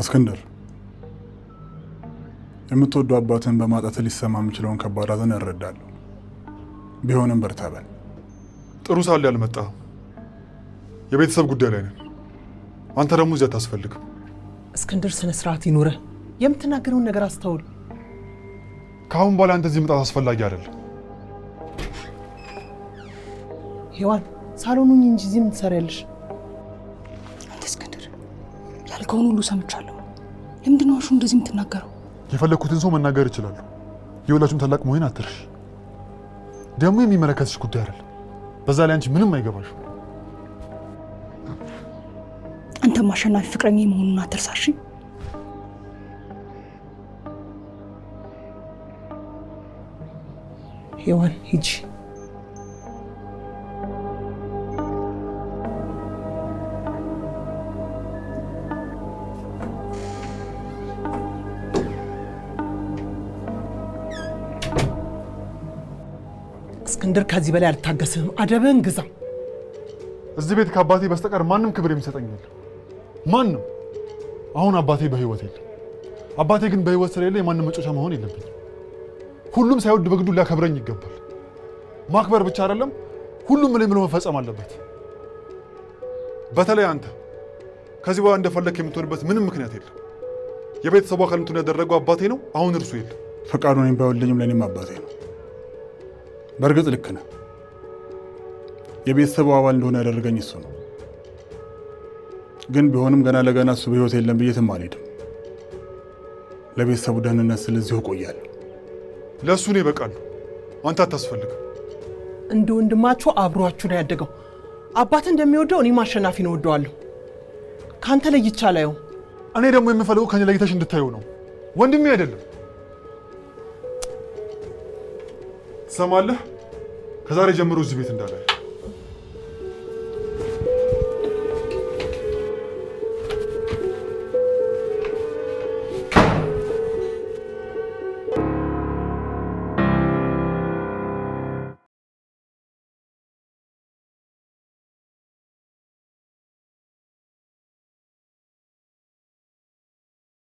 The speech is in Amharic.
አስክንድር የምትወዱ አባትን በማጣት ሊሰማ የሚችለውን ከባድ ሐዘን ያረዳሉ። ቢሆንም በርታ በል። ጥሩ ሳል ያልመጣ የቤተሰብ ጉዳይ ላይ ነን። አንተ ደግሞ እዚያ አታስፈልግም። እስክንድር ስነ ስርዓት ይኑረ። የምትናገረውን ነገር አስተውል። ከአሁን በኋላ አንተ እዚህ መጣት አስፈላጊ አይደለም። ሔዋን ሳሎኑኝ እንጂ እዚህ ምን ትሰሪያለሽ? ያልከውን ሁሉ ሰምቻለሁ። ለምንድን ነው አሹ እንደዚህ የምትናገረው? የፈለግኩትን ሰው መናገር እችላለሁ። የሁላችሁም ታላቅ መሆን አትርሽ። ደግሞ የሚመለከትሽ ጉዳይ አይደለም። በዛ ላይ አንቺ ምንም አይገባሽ። አንተም አሸናፊ ፍቅረኛ መሆኑን አትርሳሽ። ሄዋን ሂጂ። እስክንድር ከዚህ በላይ አልታገስህም። አደብህን ግዛ። እዚህ ቤት ከአባቴ በስተቀር ማንም ክብር የሚሰጠኝ የለም። ማንም። አሁን አባቴ በህይወት የለም። አባቴ ግን በህይወት ስለሌለ የማንም መጮቻ መሆን የለብኝም። ሁሉም ሳይወድ በግዱ ሊያከብረኝ ይገባል። ማክበር ብቻ አይደለም፣ ሁሉም እኔ ብሎ መፈጸም አለበት። በተለይ አንተ ከዚህ በኋላ እንደፈለክ የምትሆንበት ምንም ምክንያት የለም። የቤተሰቡ አካል እንትን ያደረገው አባቴ ነው። አሁን እርሱ የለም። ፈቃዱ እኔም ለእኔም አባቴ ነው። በእርግጥ ልክ ነህ። የቤተሰቡ አባል እንደሆነ ያደረገኝ እሱ ነው። ግን ቢሆንም ገና ለገና እሱ በሕይወት የለም ብዬ አልሄድም። ለቤተሰቡ ደህንነት ስል እዚሁ እቆያለሁ። ለእሱ እኔ እበቃለሁ። አንተ አታስፈልግም። እንደ ወንድማችሁ አብሯችሁ ነው ያደገው። አባት እንደሚወደው እኔም ነው ወደዋለሁ ከአንተ ለይቻ ላየው። እኔ ደግሞ የምፈልገው ከኔ ለይተሽ እንድታየው ነው። ወንድሜ አይደለም። ትሰማለህ? ከዛሬ ጀምሮ እዚህ ቤት እንዳለ